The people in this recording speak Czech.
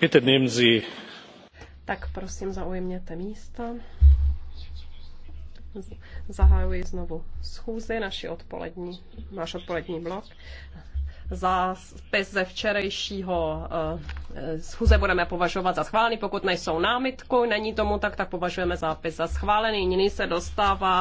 Bitte nehmen Sie. Tak prosím, zaujměte místa. Zahajuji znovu schůzi, naši odpolední, náš odpolední blok. Za spis ze včerejšího eh, schůze budeme považovat za schválený, pokud nejsou námitku, není tomu tak, tak považujeme zápis za schválený. Nyní se dostávám